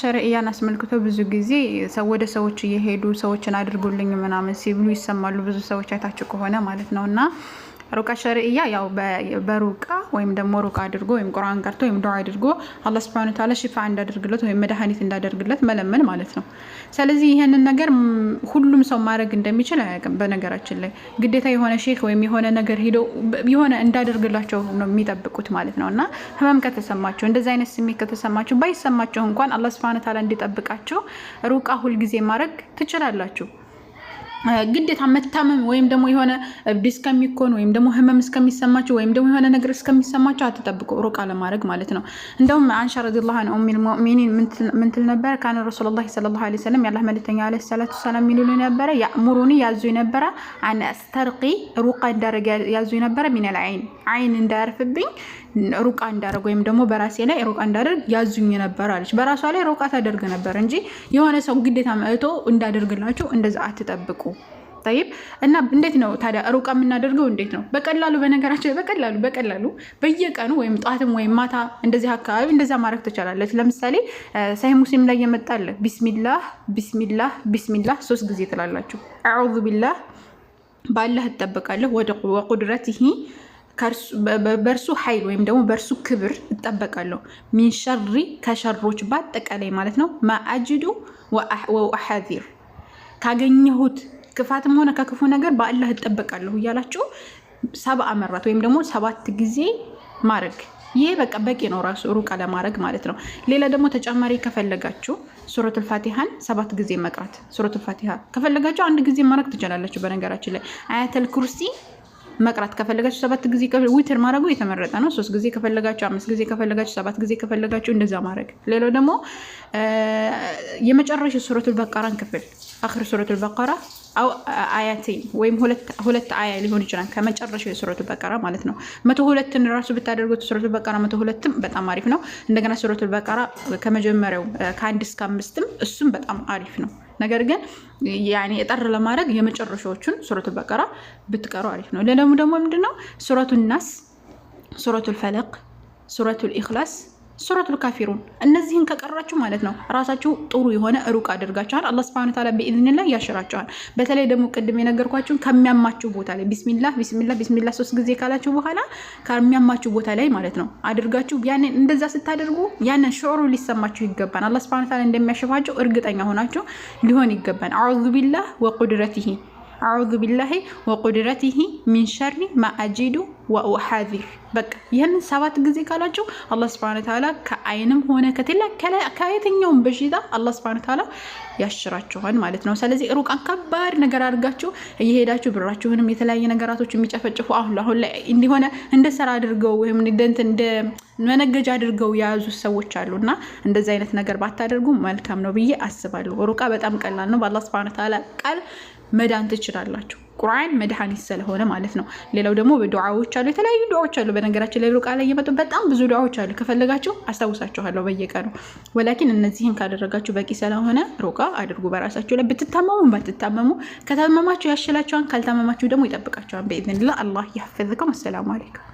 ሸሪያን አስመልክቶ ብዙ ጊዜ ወደ ሰዎች እየሄዱ ሰዎችን አድርጉልኝ ምናምን ሲብሉ ይሰማሉ። ብዙ ሰዎች አይታችሁ ከሆነ ማለት ነው እና ሩቃ ሸርእያ ያው በሩቃ ወይም ደግሞ ሩቃ አድርጎ ወይም ቁርአን ቀርቶ ወይም ዱዓ አድርጎ አላህ ስብሐነ ወተዓላ ሽፋ እንዳደርግለት ወይም መድኃኒት እንዳደርግለት መለመን ማለት ነው። ስለዚህ ይህንን ነገር ሁሉም ሰው ማድረግ እንደሚችል አያውቅም። በነገራችን ላይ ግዴታ የሆነ ሼክ ወይም የሆነ ነገር ሂደው የሆነ እንዳደርግላቸው ነው የሚጠብቁት ማለት ነው እና ህመም ከተሰማቸው እንደዚህ አይነት ስሜት ከተሰማቸው ባይሰማቸው እንኳን አላህ ስብሐነ ወተዓላ እንዲጠብቃቸው ሩቃ ሁልጊዜ ማድረግ ትችላላችሁ። ግዴታ መታመም ወይም ደግሞ የሆነ እብድ እስከሚኮን ወይም ደግሞ ህመም እስከሚሰማቸው ወይም ደግሞ የሆነ ነገር እስከሚሰማቸው አትጠብቁ፣ ሩቃ ለማድረግ ማለት ነው። እንደውም አንሻ ረዲየላሁ ዐንሃ ኡሚል ሙእሚኒን ምን ትል ነበር? ካነ ረሱሉላሂ ሰለላሁ ዐለይሂ ወሰለም የአላህ መልእክተኛ ዐለይሂ ሰላቱ ሰላም ይሉኝ ነበረ፣ ያእሙሩኒ ያዙ ነበረ፣ አን አስተርቂ ሩቃ እንዳደረግ ያዙ ነበረ፣ ሚነል ዐይን ዐይን እንዳያርፍብኝ ሩቃ እንዳደረግ ወይም ደግሞ በራሴ ላይ ሩቃ እንዳደርግ ያዙኝ ነበር አለች። በራሷ ላይ ሩቃ ታደርግ ነበር እንጂ የሆነ ሰው ግዴታ መእቶ እንዳደርግላችሁ እንደዛ አትጠብቁ። ታይብ እና እንዴት ነው ታዲያ ሩቃ የምናደርገው? እንዴት ነው በቀላሉ በነገራቸው በቀላሉ በቀላሉ በየቀኑ ወይም ጠዋትም ወይም ማታ እንደዚህ አካባቢ እንደዚ ማድረግ ተቻላለች። ለምሳሌ ሳይ ሙስሊም ላይ የመጣለ ቢስሚላህ ቢስሚላህ ቢስሚላህ ሶስት ጊዜ ትላላችሁ። አዑዙ ቢላህ ባላህ እጠበቃለሁ፣ ወቁድረቲሂ በእርሱ ኃይል ወይም ደግሞ በእርሱ ክብር እጠበቃለሁ። ሚንሸሪ ከሸሮች በአጠቃላይ ማለት ነው ማአጅዱ ወአሐዚር ካገኘሁት ክፋትም ሆነ ከክፉ ነገር በአላህ እጠበቃለሁ እያላችሁ ሰባ አመራት ወይም ደግሞ ሰባት ጊዜ ማድረግ ይህ በቃ በቂ ነው፣ ራሱ ሩቃ ለማድረግ ማለት ነው። ሌላ ደግሞ ተጨማሪ ከፈለጋችሁ ሱረት ፋቲሃን ሰባት ጊዜ መቅራት፣ ሱረት ፋቲሃ ከፈለጋችሁ አንድ ጊዜ ማድረግ ትችላላችሁ። በነገራችን ላይ አያተል ኩርሲ መቅራት ከፈለጋችሁ ሰባት ጊዜ፣ ዊትር ማድረጉ የተመረጠ ነው። ሶስት ጊዜ ከፈለጋችሁ፣ አምስት ጊዜ ከፈለጋችሁ፣ ሰባት ጊዜ ከፈለጋችሁ እንደዛ ማድረግ። ሌላው ደግሞ የመጨረሻ ሱረት በቃራን ክፍል አክር ሱረቱል በቃራ አያቴን ወይም ሁለት አያ ሊሆን ይችላል። ከመጨረሻው የሱረቱ በቀራ ማለት ነው። መቶ ሁለትን ራሱ ብታደርጉት ሱረቱ በቀራ መቶ ሁለትም በጣም አሪፍ ነው። እንደገና ሱረቱ በቀራ ከመጀመሪያው ከአንድ እስከ አምስትም እሱም በጣም አሪፍ ነው። ነገር ግን ያኔ እጠር ለማድረግ የመጨረሻዎቹን ሱረቱ በቀራ ብትቀሩ አሪፍ ነው። ለለሙ ደግሞ ምንድነው ሱረቱ ናስ፣ ሱረቱ ልፈለቅ፣ ሱረቱ ልኢክላስ ሱረቱል ካፊሩን እነዚህን ከቀራችሁ ማለት ነው ራሳችሁ ጥሩ የሆነ ሩቅ አድርጋችኋል። አላህ ስብሐነ ተዓላ በኢዝኒላህ ያሽራችኋል። በተለይ ደግሞ ቅድም የነገርኳችሁን ከሚያማችሁ ቦታ ላይ ቢስሚላ ቢስሚላ ቢስሚላ ሶስት ጊዜ ካላችሁ በኋላ ከሚያማችሁ ቦታ ላይ ማለት ነው አድርጋችሁ ያንን እንደዛ ስታደርጉ ያንን ሽዑሩ ሊሰማችሁ ይገባል። አላህ ስብሐነ ተዓላ እንደሚያሸፋችሁ እርግጠኛ ሆናችሁ ሊሆን ይገባል። አዑዙ ቢላህ ወቁድረቲሂ አዑዙ ቢላሂ ወቁድረቲሂ ሚን ሸሪ ማአጂዱ ወኡሓዚር በቃ ይህንን ሰባት ጊዜ ካላችሁ አላህ ስብሐነ ተዓላ ከአይንም ሆነ ከቴላ ከየትኛውም በሽታ አላህ ስብሐነ ተዓላ ያሽራችኋል ማለት ነው። ስለዚህ ሩቃን ከባድ ነገር አድርጋችሁ እየሄዳችሁ ብራችሁንም የተለያየ ነገራቶች የሚጨፈጭፉ አሁን አሁን ላይ እንዲሆነ እንደ ስራ አድርገው ወይም እንደ መነገጃ አድርገው የያዙ ሰዎች አሉ እና እንደዚህ አይነት ነገር ባታደርጉ መልካም ነው ብዬ አስባለሁ። ሩቃ በጣም ቀላል ነው። በአላህ ስብሐነ ተዓላ ቃል መዳን ትችላላችሁ። ቁርአን መድኃኒት ስለሆነ ማለት ነው። ሌላው ደግሞ ዱዓዎች አሉ፣ የተለያዩ ዱዓዎች አሉ። በነገራችን ላይ ሩቃ ላይ እየመጡ በጣም ብዙ ዱዓዎች አሉ። ከፈለጋችሁ አስታውሳችኋለሁ በየቀኑ ወላኪን፣ እነዚህን ካደረጋችሁ በቂ ስለሆነ ሩቃ አድርጉ። በራሳችሁ ላይ ብትታመሙ ባትታመሙ፣ ከታመማችሁ ያሽላችኋል፣ ካልታመማችሁ ደግሞ ይጠብቃችኋል። በኢዝንላ አላህ ያፈዝከም። አሰላሙ አለይኩም